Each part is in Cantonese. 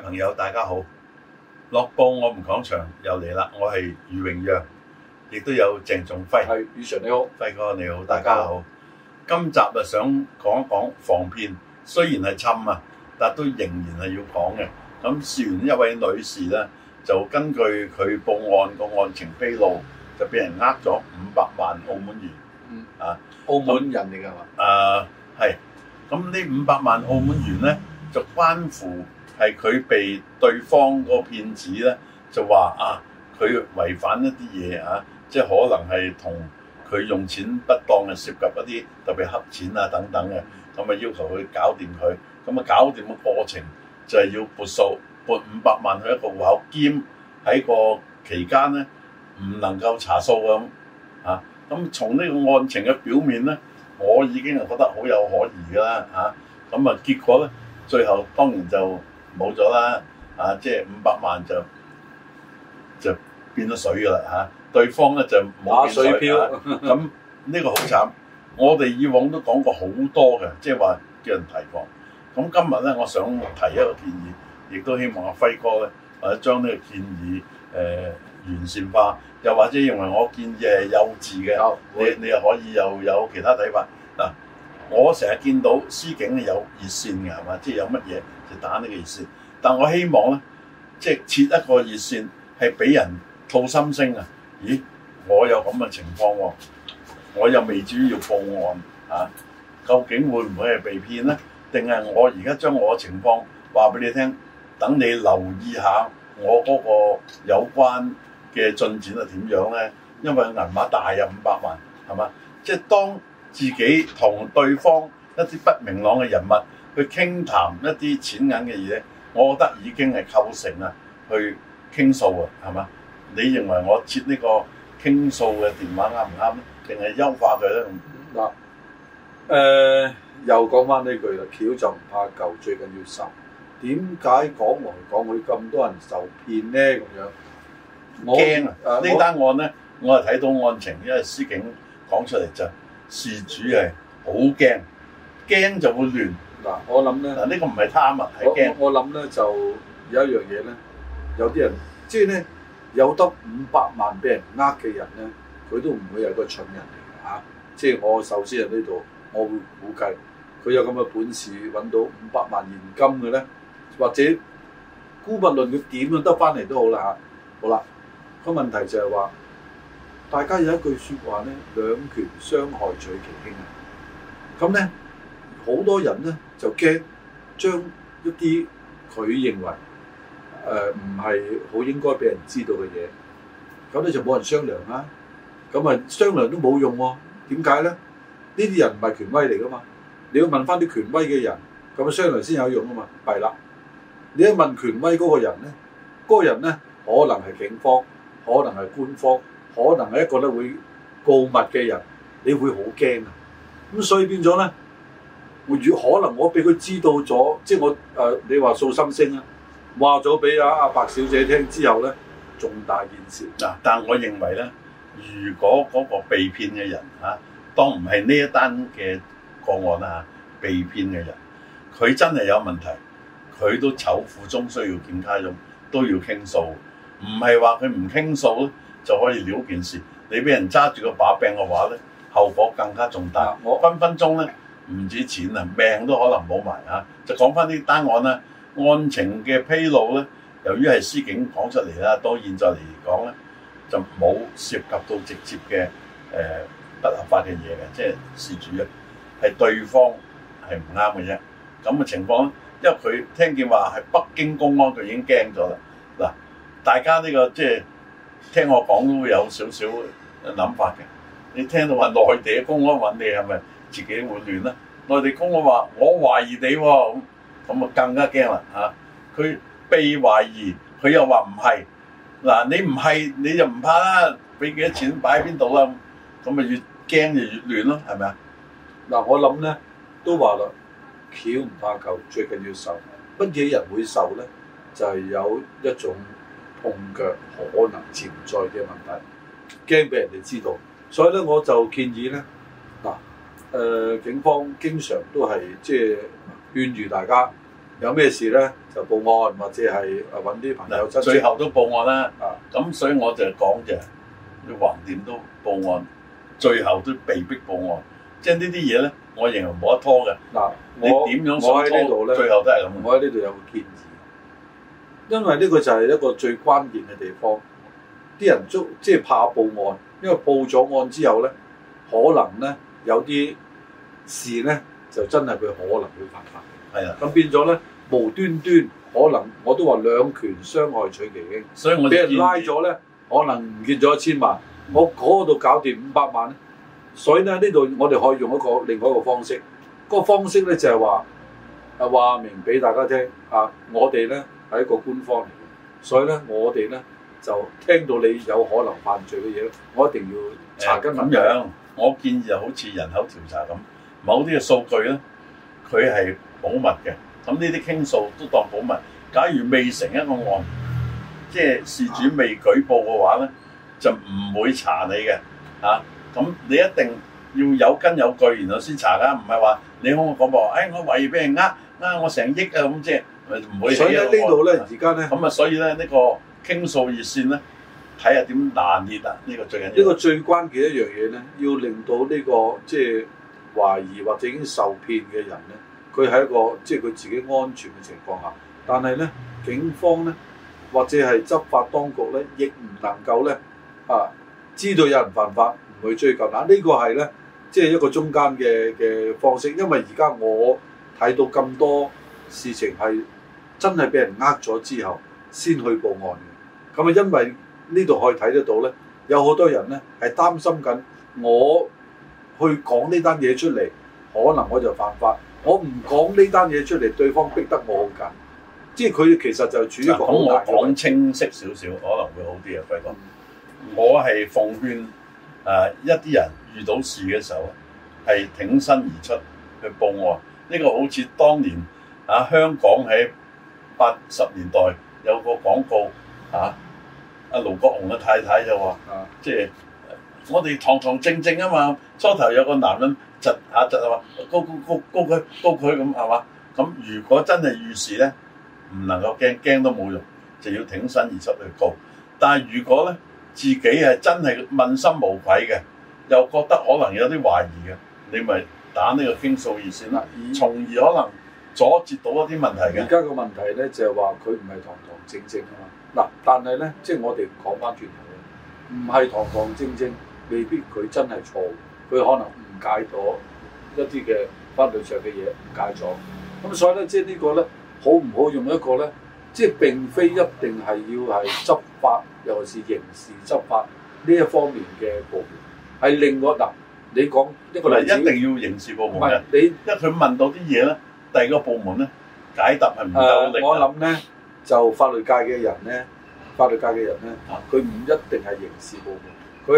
朋友大家好，樂報我哋講場又嚟啦，我係余榮陽，亦都有鄭仲輝，係余 Sir 你好，輝哥你好，大家好。今集啊想講一講防騙，雖然係侵啊，但都仍然係要講嘅。咁前一位女士咧，就根據佢報案個案情披露，就畀人呃咗五百萬澳門元，嗯。啊，澳門人嚟噶嘛？誒、嗯、係，咁呢五百萬澳門元咧就關乎。係佢被對方個騙子咧，就話啊，佢違反一啲嘢啊，即係可能係同佢用錢不當嘅涉及一啲特別黑錢啊等等嘅，咁啊要求佢搞掂佢，咁啊搞掂嘅過程就係、是、要撥數撥五百萬去一個戶口，兼喺個期間咧唔能夠查數咁啊，咁從呢個案情嘅表面咧，我已經係覺得好有可疑㗎啦嚇，咁啊結果咧最後當然就。冇咗啦，啊，即係五百萬就就變咗水㗎啦嚇！對方咧就冇、啊、水票，咁 呢、啊這個好慘。我哋以往都講過好多嘅，即係話叫人提防。咁今日咧，我想提一個建議，亦都希望阿輝哥咧，或者將呢個建議誒、呃、完善化，又或者認為我建議係幼稚嘅，你你又可以又有，有其他睇法。我成日見到司警有熱線嘅係嘛，即係有乜嘢就係打呢個熱線。但我希望咧，即係設一個熱線係俾人吐心聲啊！咦，我有咁嘅情況喎，我又未至於要報案啊？究竟會唔會係被騙咧？定係我而家將我嘅情況話俾你聽，等你留意一下我嗰個有關嘅進展係點樣咧？因為銀碼大，有五百萬係嘛，即係當，自己同對方一啲不明朗嘅人物去傾談一啲錢銀嘅嘢，我覺得已經係構成啊，去傾訴啊，係嘛？你認為我接呢個傾訴嘅電話啱唔啱咧？定係優化佢咧？嗱、啊，誒、呃、又講翻呢句啦，橋就唔怕舊，最緊要受。點解講來講去咁多人受騙咧？咁樣驚啊！呢單案咧，我係睇到案情，因為司警講出嚟啫。事主係好驚，驚就會亂。嗱，我諗咧，嗱、這、呢個唔係貪啊，係驚。我我諗咧就有一樣嘢咧，有啲人即係咧有得五百萬俾人呃嘅人咧，佢都唔會有個蠢人嚟㗎、啊、即係我首先喺呢度，我會估計佢有咁嘅本事揾到五百萬現金嘅咧，或者姑不論佢點樣得翻嚟都好啦嚇、啊。好啦，個問題就係話。大家有一句說話咧，兩權相害取其輕啊！咁咧，好多人咧就驚將一啲佢認為誒唔係好應該俾人知道嘅嘢，咁你就冇人商量啦。咁啊，商量都冇用喎。點解咧？呢啲人唔係權威嚟噶嘛？你要問翻啲權威嘅人，咁樣商量先有用啊嘛。係啦，你一問權威嗰個人咧，嗰個人咧可能係警方，可能係官方。可能係一個咧會告密嘅人，你會好驚啊！咁所以變咗咧，如果可能我俾佢知道咗，即係我誒你話訴心聲啊，話咗俾阿阿白小姐聽之後咧，重大件事嗱。但我認為咧，如果嗰個被騙嘅人嚇，當唔係呢一單嘅個案啊，被騙嘅人佢真係有問題，佢都醜婦終須見家翁，都要傾訴，唔係話佢唔傾訴咧。就可以了件事，你俾人揸住個把柄嘅話咧，後果更加重大。我分分鐘咧唔止錢啊，命都可能冇埋呀。就講返啲單案啦，案情嘅披露咧，由於係司警講出嚟啦，到現在嚟講咧就冇涉及到直接嘅誒、呃、不合法嘅嘢嘅，即、就、係、是、事主係對方係唔啱嘅啫。咁嘅情況，因為佢聽見話係北京公安，佢已經驚咗啦。嗱，大家呢、這個即係。聽我講都會有少少諗法嘅，你聽到話內地公安揾你，你係咪自己會亂咧？內地公安我話我懷疑你、哦，咁咁啊更加驚啦嚇！佢、啊、被懷疑，佢又話唔係，嗱、啊、你唔係你就唔怕啦，俾幾多錢擺喺邊度啦？咁咪越驚就越亂咯，係咪啊？嗱我諗咧都話咯，橋唔怕舊，最緊要受。乜嘢人會受咧？就係、是、有一種。碰腳可能潛在嘅問題，驚俾人哋知道，所以咧我就建議咧嗱，誒、呃、警方經常都係即係勸住大家有咩事咧就報案，或者係誒揾啲朋友出最後都報案啦。啊，咁所以我就講就橫掂都報案，最後都被逼報案，即係呢啲嘢咧，我認為冇得拖嘅。嗱、啊，你點樣想拖，我喺呢度咧？最後都係咁。我喺呢度有個建議。因為呢個就係一個最關鍵嘅地方，啲人捉即係怕報案，因為報咗案之後咧，可能咧有啲事咧就真係佢可能會犯法嘅。啊，咁變咗咧無端端可能我都話兩權相害取其輕，已經俾人拉咗咧，可能唔見咗一千萬，嗯、我嗰度搞掂五百萬咧，所以咧呢度我哋可以用一個另外一個方式，嗰、那個方式咧就係話話明俾大家聽啊，我哋咧。係一個官方嚟嘅，所以咧，我哋咧就聽到你有可能犯罪嘅嘢，我一定要查根問底。咁樣，我建議就好似人口調查咁，某啲嘅數據咧，佢係保密嘅。咁呢啲傾訴都當保密。假如未成一個案，即係事主未舉報嘅話咧、啊，就唔會查你嘅。嚇、啊，咁你一定要有根有據，然後先查㗎。唔係話你可唔可講話？誒、哎，我懷疑俾人呃啊，我成億啊咁啫。不會的，所以，這所以呢度咧、這個、而家咧咁啊，所以咧呢個傾訴熱線咧，睇下點難熱啊！呢個最呢、這個最關鍵一樣嘢咧，要令到呢、這個即係懷疑或者已經受騙嘅人咧，佢喺一個即係佢自己安全嘅情況下，但係咧警方咧或者係執法當局咧，亦唔能夠咧啊，知道有人犯法唔去追究。嗱，呢個係咧即係一個中間嘅嘅方式，因為而家我睇到咁多事情係。真係俾人呃咗之後，先去報案嘅。咁啊，因為呢度可以睇得到咧，有好多人咧係擔心緊，我去講呢單嘢出嚟，可能我就犯法；我唔講呢單嘢出嚟，對方逼得我好緊。即係佢其實就是處於咁，我講清晰少少可能會好啲、嗯、啊，輝哥。我係奉勸誒一啲人遇到事嘅時候係挺身而出去報案。呢個好似當年啊，香港喺～八十年代有個廣告啊，阿盧國雄嘅太太就話：即係我哋堂堂正正啊嘛，初頭有個男人窒下窒啊，話、啊啊、高高高高佢高佢咁係嘛？咁如果真係遇事咧，唔能夠驚驚都冇用，就要挺身而出去告。但係如果咧，自己係真係問心無愧嘅，又覺得可能有啲懷疑嘅，你咪打呢個傾訴熱線啦，從而可能。所接到一啲問題嘅，而家個問題咧就係話佢唔係堂堂正正啊嘛。嗱，但係咧，即係我哋講翻轉頭唔係堂堂正正，未必佢真係錯，佢可能誤解咗一啲嘅法律上嘅嘢，誤解咗。咁所以咧，即係呢個咧，好唔好用一個咧，即係並非一定係要係執法，尤其是刑事執法呢一方面嘅部門，係另外嗱，你講一個例子，一定要刑事部門嘅，你一係佢問到啲嘢咧。第二個部門咧，解答係唔夠力、呃。我諗咧，就法律界嘅人咧，法律界嘅人咧，佢唔一定係刑事部門，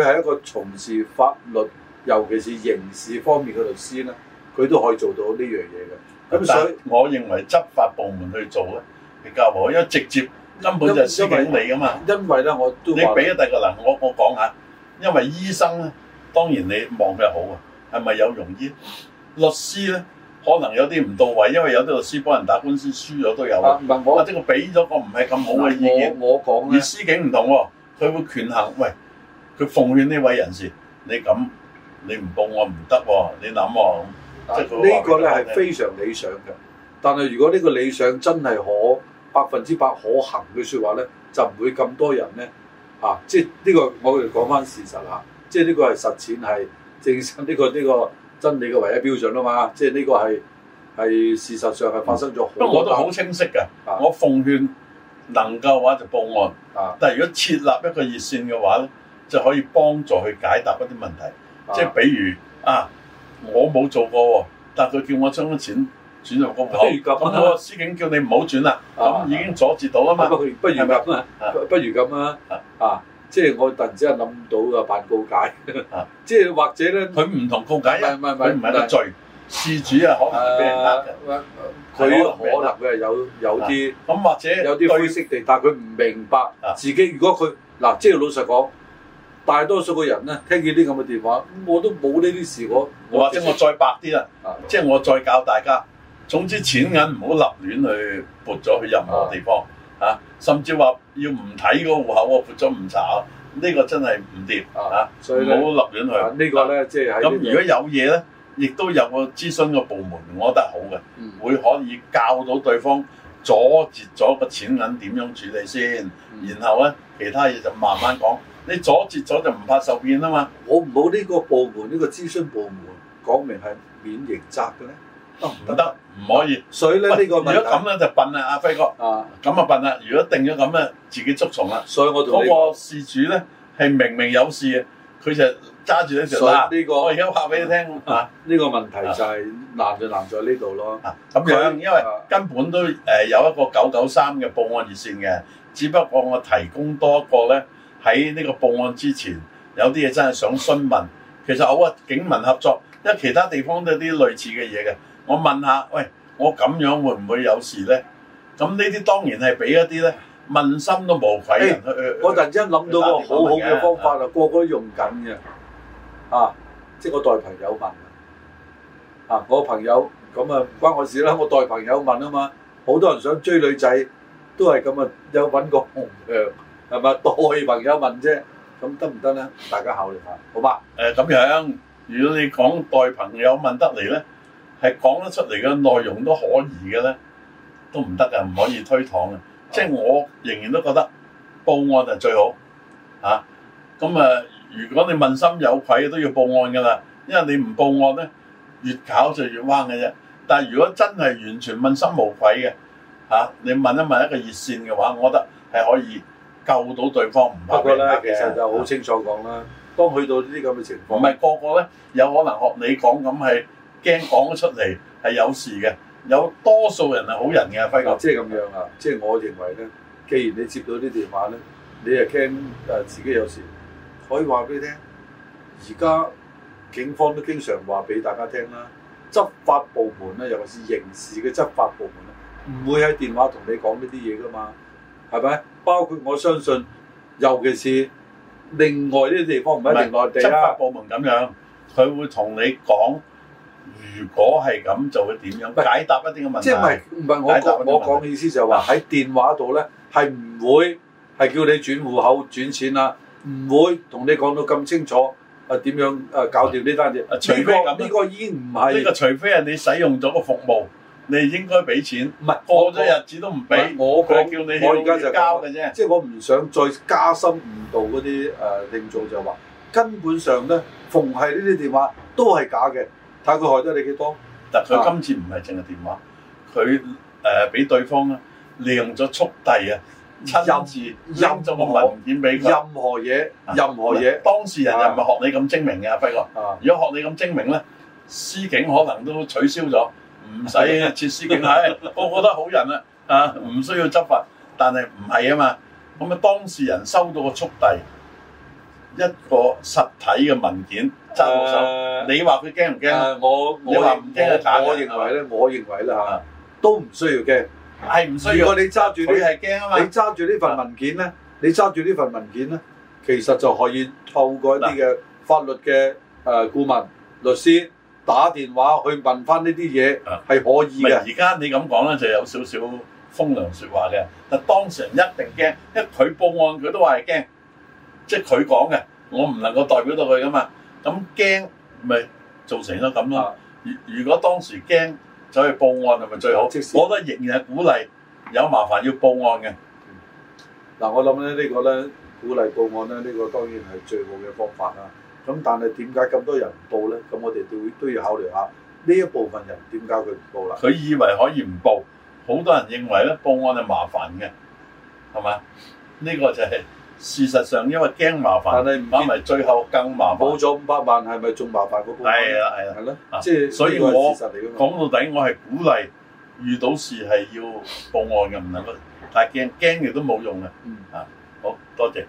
佢係一個從事法律，尤其是刑事方面嘅律師咧，佢都可以做到呢樣嘢嘅。咁、嗯、所以，我認為執法部門去做咧，比較好，因為直接根本就係司警嚟噶嘛。因為咧，我你俾咗第二個嗱，我我講下，因為醫生咧，當然你望佢好啊，係咪有用醫？律師咧，可能有啲唔到位，因為有啲律師幫人打官司輸咗都有，或者佢俾咗個唔係咁好嘅意見。我我講而司警唔同喎，佢會權衡，喂，佢奉勸呢位人士，你咁，你唔報我唔得喎，你諗喎呢個咧係非常理想嘅，但係如果呢個理想真係可百分之百可行嘅說話咧，就唔會咁多人咧、啊。即係、這、呢個我哋講翻事實啦，即係呢個係實踐係正常呢個呢個。這個真理嘅唯一標準啊嘛，即係呢個係係事實上係發生咗好多、嗯。我都好清晰嘅、啊。我奉勸能夠話就報案。啊、但係如果設立一個熱線嘅話咧，就可以幫助去解答一啲問題。啊、即係比如啊，我冇做過喎，但係佢叫我將啲錢轉入個戶口。不如咁、我司警叫你唔好轉啦，咁、啊、已經阻止到了啊嘛、啊。不如咁啊！不如咁啊！啊！啊即係我突然之間諗到啊，辦告解，啊、即係或者咧，佢唔同告解，佢唔係得罪，事主啊可能佢可能佢係有有啲，咁或者有啲灰色地、啊，但係佢唔明白自己。如果佢嗱、啊啊，即係老實講，大多數個人咧，聽見啲咁嘅電話，我都冇呢啲事，我或者我再白啲啦，即、啊、係、就是、我再教大家，總之錢銀唔好立亂去撥咗去任何地方。啊啊，甚至話要唔睇個戶口，我撥咗唔查啊，呢、這個真係唔掂啊，所以咧冇立亂去。這個、呢個咧即係咁，如果有嘢咧，亦都有個諮詢個部門，我覺得好嘅、嗯，會可以教到對方阻截咗個錢銀點樣處理先，嗯、然後咧其他嘢就慢慢講。你阻截咗就唔怕受騙啊嘛，我冇呢個部門呢、這個諮詢部門講明係免刑責嘅咧。唔、哦、得，唔可以。所以咧呢、哎這個問題，如果咁咧就笨啦，阿、啊、輝哥。啊，咁啊笨啦！如果定咗咁咧，自己捉蟲啦。所以我同你嗰個事主咧係、嗯、明明有事嘅，佢就揸住呢條。所呢、這個，我而家話俾你聽啊！呢、啊這個問題就係難就難在呢度咯。咁、啊、樣、啊啊，因為根本都誒有一個九九三嘅報案熱線嘅，只不過我提供多一個咧，喺呢個報案之前，有啲嘢真係想詢問。其實我話警民合作，因為其他地方都有啲類似嘅嘢嘅。我問下，喂，我咁樣會唔會有事咧？咁呢啲當然係俾一啲咧，問心都無愧人。誒，我突然之間諗到個好好嘅方法啊，個個用緊嘅，啊，即係我代朋友問。啊，我朋友咁啊，唔關我事啦，我代朋友問啊嘛。好多人想追女仔，都係咁啊，有揾個紅娘，係咪？代朋友問啫，咁得唔得咧？大家考慮下，好嗎？誒，咁樣，如果你講代朋友問得嚟咧？係講得出嚟嘅內容都可以嘅咧，都唔得嘅，唔可以推搪嘅。 即係我仍然都覺得報案係最好嚇。咁啊，如果你問心有愧都要報案㗎啦，因為你唔報案咧，越搞就越彎嘅啫。但係如果真係完全問心無愧嘅嚇、啊，你問一問一個熱線嘅話，我覺得係可以救到對方唔怕被拍嘅。其實就好清楚講啦、啊。當去到呢啲咁嘅情況，唔、嗯、係個個咧，有可能學你講咁係。驚講咗出嚟係有事嘅，有多數人係好人嘅，輝、嗯、哥。即係咁樣啊！即、就、係、是、我認為咧，既然你接到啲電話咧，你係驚誒自己有事，可以話俾你聽。而家警方都經常話俾大家聽啦，執法部門咧，尤其是刑事嘅執法部門咧，唔會喺電話同你講呢啲嘢噶嘛，係咪？包括我相信，尤其是另外啲地方唔係另外地方啦，執法部門咁樣，佢會同你講。如果係咁，就會點樣解答一啲嘅問題？即係唔係？唔係我我講嘅意思就係話喺電話度咧，係唔會係叫你轉戶口、轉錢啦，唔會同你講到咁清楚啊點樣啊搞掂呢單嘢？除非咁，呢個已經唔係呢個。呢個呢個、除非係你使用咗個服務，你應該俾錢。唔係過咗日子都唔俾。我講我而家就交嘅啫。即係我唔想再加深誤導嗰啲誒令做，就話根本上咧，逢係呢啲電話都係假嘅。睇佢害咗你幾多？嗱，佢今次唔係淨係電話，佢誒俾對方啊，利用咗速遞啊，親自郵咗個文件俾任何嘢，任何嘢、啊，當事人又唔係學你咁精明嘅、啊啊，輝哥。如果學你咁精明咧，司警可能都取消咗，唔使設司警。係， 我覺得好人啊，啊，唔需要執法，但係唔係啊嘛。咁啊，當事人收到個速遞。一個實體嘅文件揸住手、呃、你話佢驚唔驚？我我話唔驚啊！我認為咧，我認為啦嚇、啊，都唔需要驚。係唔需要。如果你揸住啲，係驚啊嘛！你揸住呢份文件咧、啊，你揸住呢份文件咧、啊，其實就可以透過一啲嘅法律嘅誒顧問、啊、律師打電話去問翻呢啲嘢，係、啊、可以嘅。而家你咁講咧，就有少少風涼説話嘅。但當事人一定驚，因為佢報案，佢都話係驚。即係佢講嘅，我唔能夠代表到佢噶嘛。咁驚咪造成咗咁咯。如、嗯、如果當時驚走去報案，係、嗯、咪最好？我得仍然係鼓勵有麻煩要報案嘅。嗱、嗯啊，我諗咧呢個咧鼓勵報案咧，呢、這個當然係最好嘅方法啦。咁、啊、但係點解咁多人唔報咧？咁我哋都都要考慮下呢一部分人點解佢唔報啦？佢以為可以唔報，好多人認為咧報案係麻煩嘅，係咪？呢、這個就係、是。事實上，因為驚麻煩，搞埋最後更麻煩。冇咗五百萬，係咪仲麻煩？嗰個係啊，係啊，係咯。即係，所以我講到底，我係鼓勵遇到事係要報案嘅，唔能夠太驚，驚 嘅都冇用嘅。嗯，嚇，好多謝。